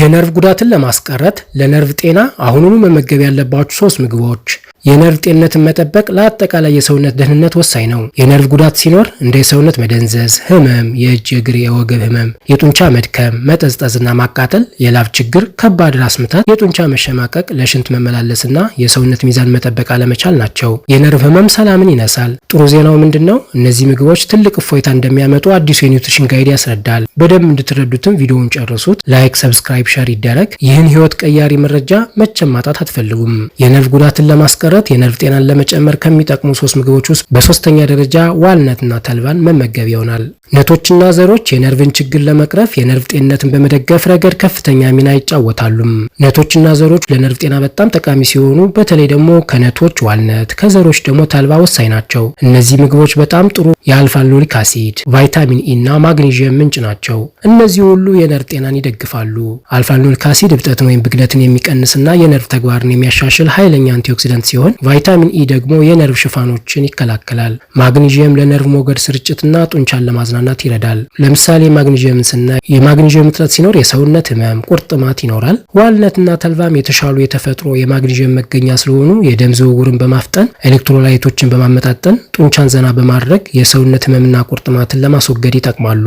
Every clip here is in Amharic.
የነርቭ ጉዳትን ለማስቀረት ለነርቭ ጤና አሁኑኑ መመገብ ያለባችሁ ሶስት ምግቦች የነርቭ ጤንነትን መጠበቅ ለአጠቃላይ የሰውነት ደህንነት ወሳኝ ነው። የነርቭ ጉዳት ሲኖር እንደ የሰውነት መደንዘዝ፣ ህመም፣ የእጅ እግር፣ የወገብ ህመም፣ የጡንቻ መድከም፣ መጠዝጠዝና ማቃጠል፣ የላብ ችግር፣ ከባድ ራስ ምታት፣ የጡንቻ መሸማቀቅ፣ ለሽንት መመላለስና የሰውነት ሚዛን መጠበቅ አለመቻል ናቸው። የነርቭ ህመም ሰላምን ይነሳል። ጥሩ ዜናው ምንድን ነው? እነዚህ ምግቦች ትልቅ እፎይታ እንደሚያመጡ አዲሱ የኒውትሪሽን ጋይድ ያስረዳል። በደንብ እንድትረዱትም ቪዲዮውን ጨርሱት። ላይክ፣ ሰብስክራይብ፣ ሸር ይደረግ። ይህን ህይወት ቀያሪ መረጃ መቼም ማጣት አትፈልጉም። የነርቭ ጉዳትን ለማስቀረ የነርቭ ጤናን ለመጨመር ከሚጠቅሙ ሶስት ምግቦች ውስጥ በሶስተኛ ደረጃ ዋልነትና ተልባን መመገብ ይሆናል። ነቶችና ዘሮች የነርቭን ችግር ለመቅረፍ የነርቭ ጤንነትን በመደገፍ ረገድ ከፍተኛ ሚና ይጫወታሉም። ነቶችና ዘሮች ለነርቭ ጤና በጣም ጠቃሚ ሲሆኑ በተለይ ደግሞ ከነቶች ዋልነት፣ ከዘሮች ደግሞ ተልባ ወሳኝ ናቸው። እነዚህ ምግቦች በጣም ጥሩ የአልፋ ሎሊክ አሲድ፣ ቫይታሚን ኢ e እና ማግኔዥየም ምንጭ ናቸው። እነዚህ ሁሉ የነርቭ ጤናን ይደግፋሉ። አልፋ ሎሊክ አሲድ እብጠትን ወይም ብግለትን የሚቀንስና የነርቭ ተግባርን የሚያሻሽል ኃይለኛ አንቲኦክሲደንት ሲሆን ቫይታሚን ኢ e ደግሞ የነርቭ ሽፋኖችን ይከላከላል። ማግኔዥየም ለነርቭ ሞገድ ስርጭትና ጡንቻን ለማዝናት ለማጽናናት ይረዳል። ለምሳሌ ማግኒዥየምን ስናይ የማግኒዥየም እጥረት ሲኖር የሰውነት ህመም፣ ቁርጥማት ይኖራል። ዋልነትና ተልባም የተሻሉ የተፈጥሮ የማግኒዥየም መገኛ ስለሆኑ የደም ዝውውርን በማፍጠን ኤሌክትሮላይቶችን በማመጣጠን ጡንቻን ዘና በማድረግ የሰውነት ህመምና ቁርጥማትን ለማስወገድ ይጠቅማሉ።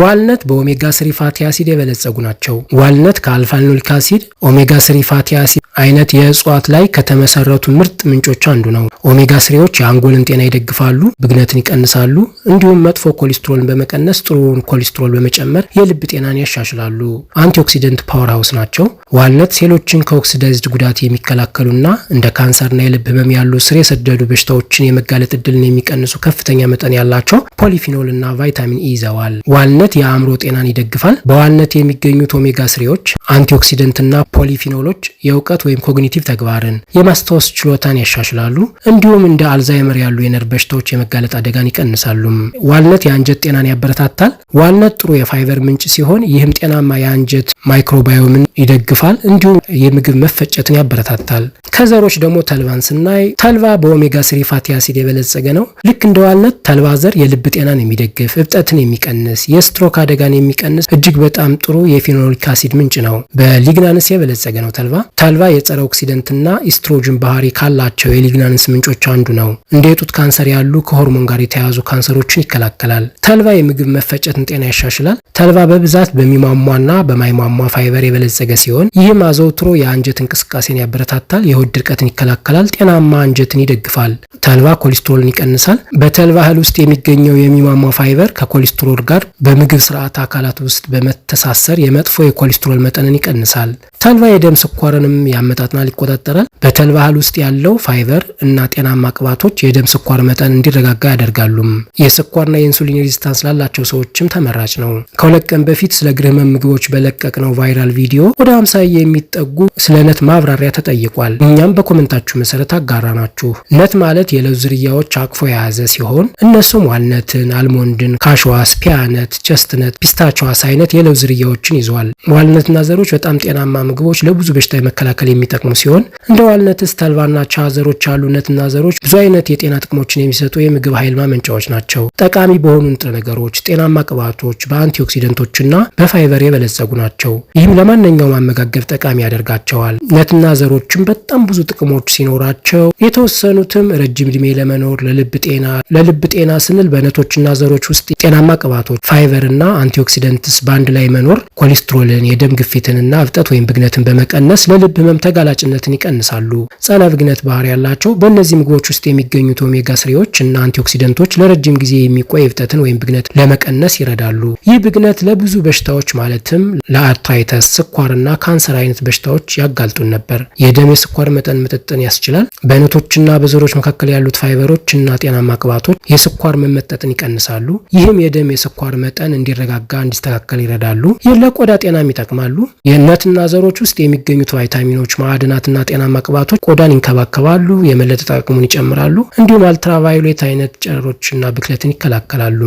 ዋልነት በኦሜጋ ስሪ ፋቲ አሲድ የበለጸጉ ናቸው። ዋልነት ከአልፋ አሲድ፣ ኦሜጋ ስሪ ፋቲ አሲድ አይነት የእጽዋት ላይ ከተመሰረቱ ምርጥ ምንጮች አንዱ ነው። ኦሜጋ ስሬዎች የአንጎልን ጤና ይደግፋሉ፣ ብግነትን ይቀንሳሉ፣ እንዲሁም መጥፎ ኮሌስትሮልን በመቀነስ ጥሩውን ኮሌስትሮል በመጨመር የልብ ጤናን ያሻሽላሉ። አንቲኦክሲደንት ፓወር ሀውስ ናቸው። ዋልነት ሴሎችን ከኦክሲዳይዝድ ጉዳት የሚከላከሉና እንደ ካንሰርና የልብ ህመም ያሉ ስር የሰደዱ በሽታዎችን የመጋለጥ እድልን የሚቀንሱ ከፍተኛ መጠን ያላቸው ፖሊፊኖልና ቫይታሚን ኢ ይዘዋል። ዋልነት የአእምሮ ጤናን ይደግፋል። በዋልነት የሚገኙት ኦሜጋ ስሬዎች አንቲኦክሲደንትና ፖሊፊኖሎች የእውቀት ወይም ኮግኒቲቭ ተግባርን፣ የማስታወስ ችሎታን ያሻሽላሉ። እንዲሁም እንደ አልዛይመር ያሉ የነርቭ በሽታዎች የመጋለጥ አደጋን ይቀንሳሉም። ዋልነት የአንጀት ጤናን ያበረታታል። ዋልነት ጥሩ የፋይበር ምንጭ ሲሆን ይህም ጤናማ የአንጀት ማይክሮባዮምን ይደግፋል። እንዲሁም የምግብ መፈጨትን ያበረታታል። ከዘሮች ደግሞ ተልባን ስናይ ተልባ በኦሜጋ ስሪ ፋቲ አሲድ የበለጸገ ነው። ልክ እንደ ዋልነት ተልባ ዘር የልብ ጤናን የሚደግፍ እብጠትን የሚቀንስ የስትሮክ አደጋን የሚቀንስ እጅግ በጣም ጥሩ የፊኖሊክ አሲድ ምንጭ ነው። ነው። በሊግናንስ የበለጸገ ነው ተልባ። ተልባ የጸረ ኦክሲደንትና ኢስትሮጅን ባህሪ ካላቸው የሊግናንስ ምንጮች አንዱ ነው። እንደ የጡት ካንሰር ያሉ ከሆርሞን ጋር የተያያዙ ካንሰሮችን ይከላከላል። ተልባ የምግብ መፈጨትን ጤና ያሻሽላል። ተልባ በብዛት በሚሟሟና በማይሟሟ ፋይበር የበለጸገ ሲሆን ይህም አዘውትሮ የአንጀት እንቅስቃሴን ያበረታታል፣ የሆድ ድርቀትን ይከላከላል፣ ጤናማ አንጀትን ይደግፋል። ተልባ ኮሌስትሮልን ይቀንሳል። በተልባ እህል ውስጥ የሚገኘው የሚሟሟ ፋይበር ከኮሌስትሮል ጋር በምግብ ስርዓት አካላት ውስጥ በመተሳሰር የመጥፎ የኮሌስትሮል መጠን መጠንን ይቀንሳል። ተልባ የደም ስኳርንም ያመጣጥናል፣ ይቆጣጠራል። በተልባ እህል ውስጥ ያለው ፋይበር እና ጤናማ ቅባቶች የደም ስኳር መጠን እንዲረጋጋ ያደርጋሉም። የስኳርና የኢንሱሊን ሬዚስታንስ ላላቸው ሰዎችም ተመራጭ ነው። ከሁለት ቀን በፊት ስለ ግርህመ ምግቦች በለቀቅነው ቫይራል ቪዲዮ ወደ 50 የሚጠጉ ስለ ነት ማብራሪያ ተጠይቋል። እኛም በኮመንታችሁ መሰረት አጋራ ናችሁ። ነት ማለት የለውዝ ዝርያዎች አቅፎ የያዘ ሲሆን እነሱም ዋልነትን፣ አልሞንድን፣ ካሽዋ፣ ስፒያነት፣ ቸስትነት፣ ፒስታቸዋስ አይነት የለውዝ ዝርያዎችን ይዟል። ዋልነትና ዘሮች በጣም ጤናማ ምግቦች ለብዙ በሽታ መከላከል የሚጠቅሙ ሲሆን እንደ ዋልነትስ፣ ተልባና ቻ ዘሮች ያሉ ነትና ዘሮች ብዙ አይነት የጤና ጥቅሞችን የሚሰጡ የምግብ ኃይል ማመንጫዎች ናቸው። ጠቃሚ በሆኑ ንጥረ ነገሮች፣ ጤናማ ቅባቶች፣ በአንቲኦክሲደንቶችና በፋይበር የበለጸጉ ናቸው። ይህም ለማንኛውም አመጋገብ ጠቃሚ ያደርጋቸዋል። ነትና ዘሮችም በጣም ብዙ ጥቅሞች ሲኖራቸው የተወሰኑትም ረጅም እድሜ ለመኖር ለልብ ጤና ለልብ ጤና ስንል በነቶችና ዘሮች ውስጥ ጤናማ ቅባቶች፣ ፋይበር እና አንቲኦክሲደንትስ በአንድ ላይ መኖር ኮሌስትሮልን፣ የደም ግፊትንና እብጠት ወይም ብግነት ብግነትን በመቀነስ ለልብ ህመም ተጋላጭነትን ይቀንሳሉ። ጸረ ብግነት ባህሪ ያላቸው በእነዚህ ምግቦች ውስጥ የሚገኙት ኦሜጋ ስሬዎች እና አንቲኦክሲደንቶች ለረጅም ጊዜ የሚቆይ እብጠትን ወይም ብግነት ለመቀነስ ይረዳሉ። ይህ ብግነት ለብዙ በሽታዎች ማለትም ለአርትራይተስ፣ ስኳርና ካንሰር አይነት በሽታዎች ያጋልጡን ነበር። የደም የስኳር መጠን መጠጥን ያስችላል። በአይነቶችና በዘሮች መካከል ያሉት ፋይበሮች እና ጤናማ ቅባቶች የስኳር መመጠጥን ይቀንሳሉ። ይህም የደም የስኳር መጠን እንዲረጋጋ፣ እንዲስተካከል ይረዳሉ። ለቆዳ ጤናም ይጠቅማሉ። የእነትና ዘሮ ምግቦች ውስጥ የሚገኙት ቫይታሚኖች፣ ማዕድናትና ጤናማ ቅባቶች ቆዳን ይንከባከባሉ፣ የመለጠጥ አቅሙን ይጨምራሉ፣ እንዲሁም አልትራቫዮሌት አይነት ጨረሮችና ብክለትን ይከላከላሉ።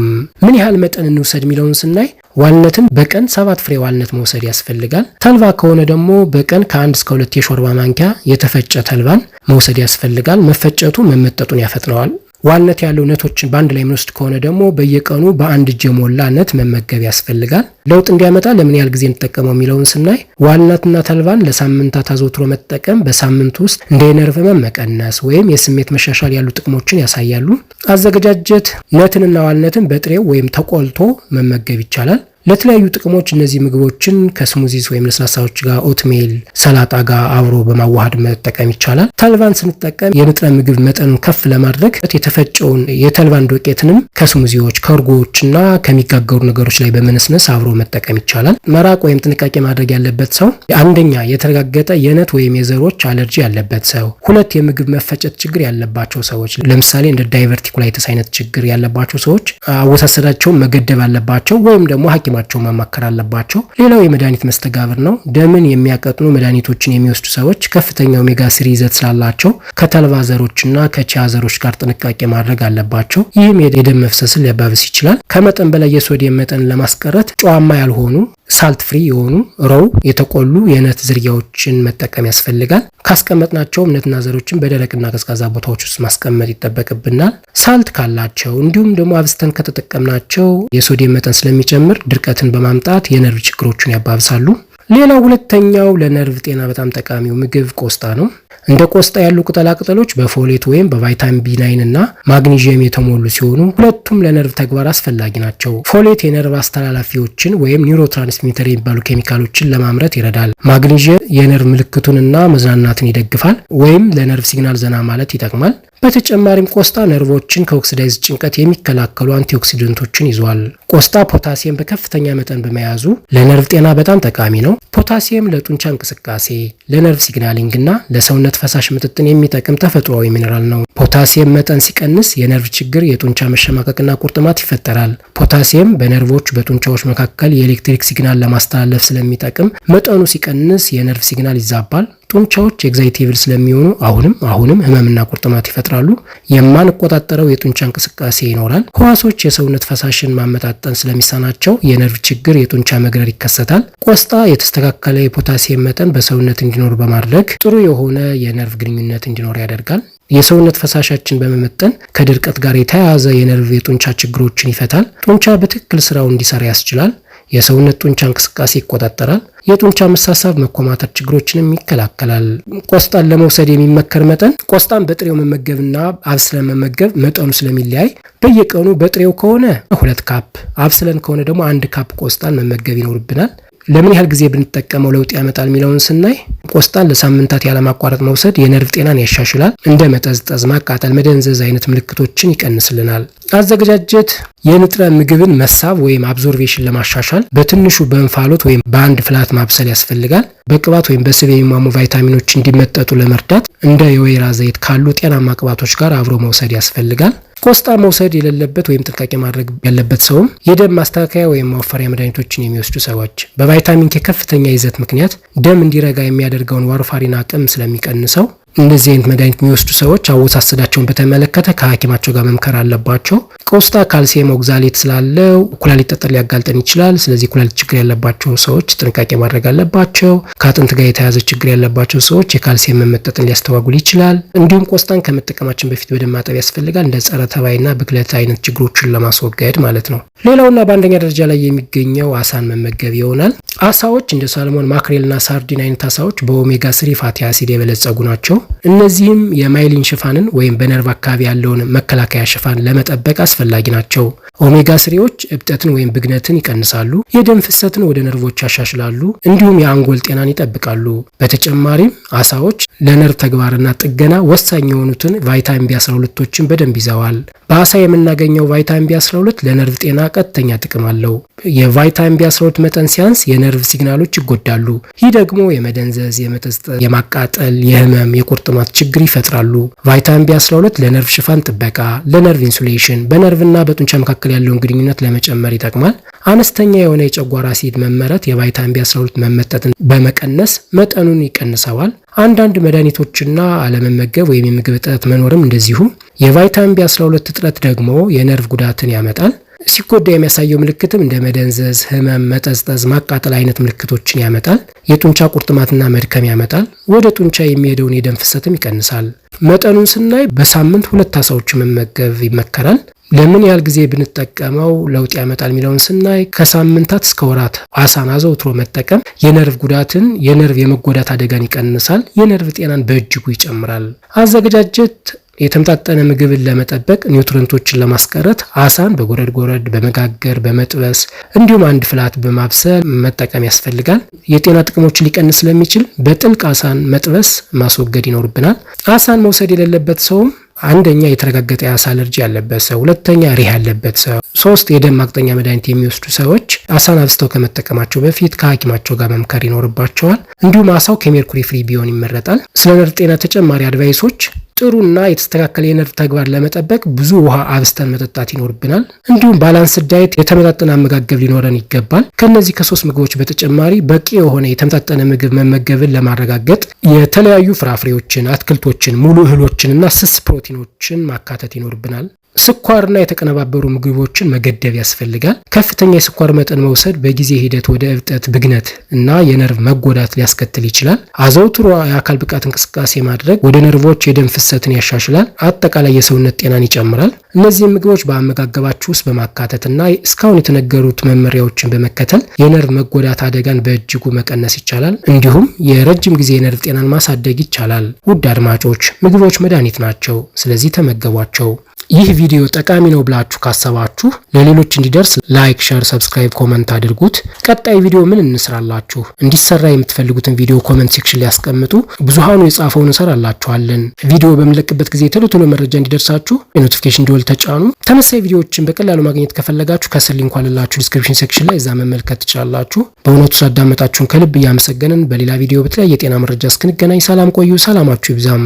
ምን ያህል መጠን እንውሰድ የሚለውን ስናይ ዋልነትን በቀን ሰባት ፍሬ ዋልነት መውሰድ ያስፈልጋል። ተልባ ከሆነ ደግሞ በቀን ከአንድ እስከ ሁለት የሾርባ ማንኪያ የተፈጨ ተልባን መውሰድ ያስፈልጋል። መፈጨቱ መመጠጡን ያፈጥነዋል። ዋነት ያለው ነቶችን በአንድ ላይ ምንወስድ ከሆነ ደግሞ በየቀኑ በአንድ እጅ የሞላ ነት መመገብ ያስፈልጋል። ለውጥ እንዲያመጣ ለምን ያህል ጊዜ እንጠቀመው የሚለውን ስናይ ዋልናትና ተልባን ለሳምንታት አዘውትሮ መጠቀም በሳምንት ውስጥ እንደ የነርቭ ህመም መቀነስ ወይም የስሜት መሻሻል ያሉ ጥቅሞችን ያሳያሉ። አዘገጃጀት ነትንና ዋልነትን በጥሬው ወይም ተቆልቶ መመገብ ይቻላል። ለተለያዩ ጥቅሞች እነዚህ ምግቦችን ከስሙዚስ ወይም ለስላሳዎች ጋር ኦትሜል፣ ሰላጣ ጋር አብሮ በማዋሃድ መጠቀም ይቻላል። ተልቫን ስንጠቀም የንጥረ ምግብ መጠኑን ከፍ ለማድረግ የተፈጨውን የተልቫን ዶቄትንም ከስሙዚዎች ከእርጎዎችና ከሚጋገሩ ነገሮች ላይ በመነስነስ አብሮ መጠቀም ይቻላል። መራቅ ወይም ጥንቃቄ ማድረግ ያለበት ሰው አንደኛ የተረጋገጠ የእነት ወይም የዘሮች አለርጂ ያለበት ሰው፣ ሁለት የምግብ መፈጨት ችግር ያለባቸው ሰዎች ለምሳሌ እንደ ዳይቨርቲኩላይተስ አይነት ችግር ያለባቸው ሰዎች አወሳሰዳቸውን መገደብ አለባቸው ወይም ደግሞ ሐኪም ሐኪማቸው ማማከር አለባቸው። ሌላው የመድኃኒት መስተጋብር ነው። ደምን የሚያቀጥኑ መድኃኒቶችን የሚወስዱ ሰዎች ከፍተኛ ኦሜጋ ስሪ ይዘት ስላላቸው ከተልባ ዘሮችና ከቺያ ዘሮች ጋር ጥንቃቄ ማድረግ አለባቸው። ይህም የደም መፍሰስን ሊያባብስ ይችላል። ከመጠን በላይ የሶዲየም መጠን ለማስቀረት ጨዋማ ያልሆኑ ሳልት ፍሪ የሆኑ ረው የተቆሉ የእነት ዝርያዎችን መጠቀም ያስፈልጋል። ካስቀመጥናቸውም እምነትና ዘሮችን በደረቅና ቀዝቃዛ ቦታዎች ውስጥ ማስቀመጥ ይጠበቅብናል። ሳልት ካላቸው እንዲሁም ደግሞ አብዝተን ከተጠቀምናቸው የሶዲየም መጠን ስለሚጨምር ድርቅ ድርቀትን በማምጣት የነርቭ ችግሮችን ያባብሳሉ። ሌላው ሁለተኛው ለነርቭ ጤና በጣም ጠቃሚው ምግብ ቆስጣ ነው። እንደ ቆስጣ ያሉ ቅጠላቅጠሎች በፎሌት ወይም በቫይታሚን ቢ9 እና ማግኒዥየም የተሞሉ ሲሆኑ ሁለቱም ለነርቭ ተግባር አስፈላጊ ናቸው። ፎሌት የነርቭ አስተላላፊዎችን ወይም ኒውሮትራንስሚተር የሚባሉ ኬሚካሎችን ለማምረት ይረዳል። ማግኒዥየም የነርቭ ምልክቱንና መዝናናትን ይደግፋል ወይም ለነርቭ ሲግናል ዘና ማለት ይጠቅማል። በተጨማሪም ቆስጣ ነርቮችን ከኦክሲዳይዝ ጭንቀት የሚከላከሉ አንቲኦክሲደንቶችን ይዟል። ቆስጣ ፖታሲየም በከፍተኛ መጠን በመያዙ ለነርቭ ጤና በጣም ጠቃሚ ነው። ፖታሲየም ለጡንቻ እንቅስቃሴ፣ ለነርቭ ሲግናሊንግ እና ለሰውነት ፈሳሽ ምጥጥን የሚጠቅም ተፈጥሯዊ ሚኔራል ነው። ፖታሲየም መጠን ሲቀንስ የነርቭ ችግር፣ የጡንቻ መሸማቀቅና ቁርጥማት ይፈጠራል። ፖታሲየም በነርቮች በጡንቻዎች መካከል የኤሌክትሪክ ሲግናል ለማስተላለፍ ስለሚጠቅም መጠኑ ሲቀንስ የነርቭ ሲግናል ይዛባል። ጡንቻዎች ኤግዛይቴብል ስለሚሆኑ አሁንም አሁንም ህመምና ቁርጥማት ይፈጥራሉ። የማንቆጣጠረው የጡንቻ እንቅስቃሴ ይኖራል። ህዋሶች የሰውነት ፈሳሽን ማመጣጠን ስለሚሳናቸው የነርቭ ችግር፣ የጡንቻ መግረር ይከሰታል። ቆስጣ የተስተካከለ የፖታሲየም መጠን በሰውነት እንዲኖር በማድረግ ጥሩ የሆነ የነርቭ ግንኙነት እንዲኖር ያደርጋል። የሰውነት ፈሳሻችን በመመጠን ከድርቀት ጋር የተያያዘ የነርቭ የጡንቻ ችግሮችን ይፈታል። ጡንቻ በትክክል ስራው እንዲሰራ ያስችላል። የሰውነት ጡንቻ እንቅስቃሴ ይቆጣጠራል። የጡንቻ መሳሳብ፣ መኮማተር ችግሮችንም ይከላከላል። ቆስጣን ለመውሰድ የሚመከር መጠን ቆስጣን በጥሬው መመገብና አብስለን መመገብ መጠኑ ስለሚለያይ በየቀኑ በጥሬው ከሆነ ሁለት ካፕ አብስለን ከሆነ ደግሞ አንድ ካፕ ቆስጣን መመገብ ይኖርብናል። ለምን ያህል ጊዜ ብንጠቀመው ለውጥ ያመጣል የሚለውን ስናይ ቆስጣን ለሳምንታት ያለማቋረጥ መውሰድ የነርቭ ጤናን ያሻሽላል። እንደ መጠዝጠዝ፣ ማቃጠል፣ መደንዘዝ አይነት ምልክቶችን ይቀንስልናል። አዘገጃጀት የንጥረ ምግብን መሳብ ወይም አብዞርቬሽን ለማሻሻል በትንሹ በእንፋሎት ወይም በአንድ ፍላት ማብሰል ያስፈልጋል። በቅባት ወይም በስብ የሚሟሙ ቫይታሚኖች እንዲመጠጡ ለመርዳት እንደ የወይራ ዘይት ካሉ ጤናማ ቅባቶች ጋር አብሮ መውሰድ ያስፈልጋል። ቆስጣ መውሰድ የሌለበት ወይም ጥንቃቄ ማድረግ ያለበት ሰውም የደም ማስተካከያ ወይም ማወፈሪያ መድኃኒቶችን የሚወስዱ ሰዎች በቫይታሚን ኬ ከፍተኛ ይዘት ምክንያት ደም እንዲረጋ የሚያደርገውን ዋርፋሪን አቅም ስለሚቀንሰው እንደዚህ አይነት መድኃኒት የሚወስዱ ሰዎች አወሳሰዳቸውን በተመለከተ ከሐኪማቸው ጋር መምከር አለባቸው። ቆስጣ ካልሲየም ኦግዛሌት ስላለው ኩላሊት ጠጠር ሊያጋልጠን ይችላል። ስለዚህ ኩላሊት ችግር ያለባቸው ሰዎች ጥንቃቄ ማድረግ አለባቸው። ከአጥንት ጋር የተያዘ ችግር ያለባቸው ሰዎች የካልሲየም መመጠጥን ሊያስተዋጉል ይችላል። እንዲሁም ቆስጣን ከመጠቀማችን በፊት በደንብ ማጠብ ያስፈልጋል፣ እንደ ጸረ ተባይና ብክለት አይነት ችግሮችን ለማስወገድ ማለት ነው። ሌላውና በአንደኛ ደረጃ ላይ የሚገኘው አሳን መመገብ ይሆናል። አሳዎች እንደ ሳልሞን፣ ማክሬልና ሳርዲን አይነት አሳዎች በኦሜጋ ስሪ ፋቲ አሲድ የበለጸጉ ናቸው። እነዚህም የማይሊን ሽፋንን ወይም በነርቭ አካባቢ ያለውን መከላከያ ሽፋን ለመጠበቅ አስፈላጊ ናቸው። ኦሜጋ ስሪዎች እብጠትን ወይም ብግነትን ይቀንሳሉ፣ የደም ፍሰትን ወደ ነርቮች ያሻሽላሉ፣ እንዲሁም የአንጎል ጤናን ይጠብቃሉ። በተጨማሪም አሳዎች ለነርቭ ተግባርና ጥገና ወሳኝ የሆኑትን ቫይታሚን ቢ12ቶችን በደንብ ይዘዋል። በአሳ የምናገኘው ቫይታሚን ቢ12 ለነርቭ ጤና ቀጥተኛ ጥቅም አለው። የቫይታሚን ቢ12 መጠን ሲያንስ የነርቭ ሲግናሎች ይጎዳሉ። ይህ ደግሞ የመደንዘዝ፣ የመጠስጠል፣ የማቃጠል፣ የህመም፣ የቁርጥማት ችግር ይፈጥራሉ። ቫይታሚን ቢ12 ለነርቭ ሽፋን ጥበቃ፣ ለነርቭ ኢንሱሌሽን፣ በነርቭና በጡንቻ መካከል ያለውን ግንኙነት ለመጨመር ይጠቅማል። አነስተኛ የሆነ የጨጓራ አሲድ መመረት የቫይታሚን ቢ12 መመጠጥን በመቀነስ መጠኑን ይቀንሰዋል። አንዳንድ መድኃኒቶችና አለመመገብ ወይም የምግብ እጥረት መኖርም እንደዚሁ። የቫይታሚን ቢ12 እጥረት ደግሞ የነርቭ ጉዳትን ያመጣል። ሲጎዳ የሚያሳየው ምልክትም እንደ መደንዘዝ፣ ህመም፣ መጠዝጠዝ፣ ማቃጠል አይነት ምልክቶችን ያመጣል። የጡንቻ ቁርጥማትና መድከም ያመጣል። ወደ ጡንቻ የሚሄደውን የደም ፍሰትም ይቀንሳል። መጠኑን ስናይ በሳምንት ሁለት አሳዎች መመገብ ይመከራል። ለምን ያህል ጊዜ ብንጠቀመው ለውጥ ያመጣል የሚለውን ስናይ ከሳምንታት እስከ ወራት አሳን አዘውትሮ መጠቀም የነርቭ ጉዳትን፣ የነርቭ የመጎዳት አደጋን ይቀንሳል። የነርቭ ጤናን በእጅጉ ይጨምራል። አዘገጃጀት የተመጣጠነ ምግብን ለመጠበቅ ኒውትረንቶችን ለማስቀረት አሳን በጎረድ ጎረድ በመጋገር በመጥበስ እንዲሁም አንድ ፍላት በማብሰል መጠቀም ያስፈልጋል። የጤና ጥቅሞች ሊቀንስ ስለሚችል በጥልቅ አሳን መጥበስ ማስወገድ ይኖርብናል። አሳን መውሰድ የሌለበት ሰውም አንደኛ የተረጋገጠ የአሳ አለርጂ ያለበት ሰው፣ ሁለተኛ ሪህ ያለበት ሰው፣ ሶስት የደም ማቅጠኛ መድኃኒት የሚወስዱ ሰዎች አሳን አብዝተው ከመጠቀማቸው በፊት ከሐኪማቸው ጋር መምከር ይኖርባቸዋል። እንዲሁም አሳው ከሜርኩሪ ፍሪ ቢሆን ይመረጣል። ስለ ነር ጤና ተጨማሪ አድቫይሶች ጥሩና የተስተካከለ የነርቭ ተግባር ለመጠበቅ ብዙ ውሃ አብስተን መጠጣት ይኖርብናል። እንዲሁም ባላንስ ዳይት፣ የተመጣጠነ አመጋገብ ሊኖረን ይገባል። ከእነዚህ ከሶስት ምግቦች በተጨማሪ በቂ የሆነ የተመጣጠነ ምግብ መመገብን ለማረጋገጥ የተለያዩ ፍራፍሬዎችን፣ አትክልቶችን፣ ሙሉ እህሎችንና ስስ ፕሮቲኖችን ማካተት ይኖርብናል። ስኳርና የተቀነባበሩ ምግቦችን መገደብ ያስፈልጋል። ከፍተኛ የስኳር መጠን መውሰድ በጊዜ ሂደት ወደ እብጠት፣ ብግነት እና የነርቭ መጎዳት ሊያስከትል ይችላል። አዘውትሮ የአካል ብቃት እንቅስቃሴ ማድረግ ወደ ነርቮች የደም ፍሰትን ያሻሽላል፣ አጠቃላይ የሰውነት ጤናን ይጨምራል። እነዚህ ምግቦች በአመጋገባችሁ ውስጥ በማካተትና እስካሁን የተነገሩት መመሪያዎችን በመከተል የነርቭ መጎዳት አደጋን በእጅጉ መቀነስ ይቻላል። እንዲሁም የረጅም ጊዜ የነርቭ ጤናን ማሳደግ ይቻላል። ውድ አድማጮች፣ ምግቦች መድኃኒት ናቸው። ስለዚህ ተመገቧቸው። ይህ ቪዲዮ ጠቃሚ ነው ብላችሁ ካሰባችሁ ለሌሎች እንዲደርስ ላይክ፣ ሸር፣ ሰብስክራይብ፣ ኮመንት አድርጉት። ቀጣይ ቪዲዮ ምን እንስራላችሁ እንዲሰራ የምትፈልጉትን ቪዲዮ ኮመንት ሴክሽን ሊያስቀምጡ ብዙሃኑ የጻፈውን እንሰራላችኋለን። ቪዲዮ በምንለቅበት ጊዜ ቶሎ ቶሎ መረጃ እንዲደርሳችሁ የኖቲፊኬሽን ደወል ተጫኑ። ተመሳሳይ ቪዲዮዎችን በቀላሉ ማግኘት ከፈለጋችሁ ከስር ሊንኩ አለላችሁ ዲስክሪፕሽን ሴክሽን ላይ እዛ መመልከት ትችላላችሁ። በእውነቱ ሳዳመጣችሁን ከልብ እያመሰገንን በሌላ ቪዲዮ በተለያየ የጤና መረጃ እስክንገናኝ ሰላም ቆዩ። ሰላማችሁ ይብዛም።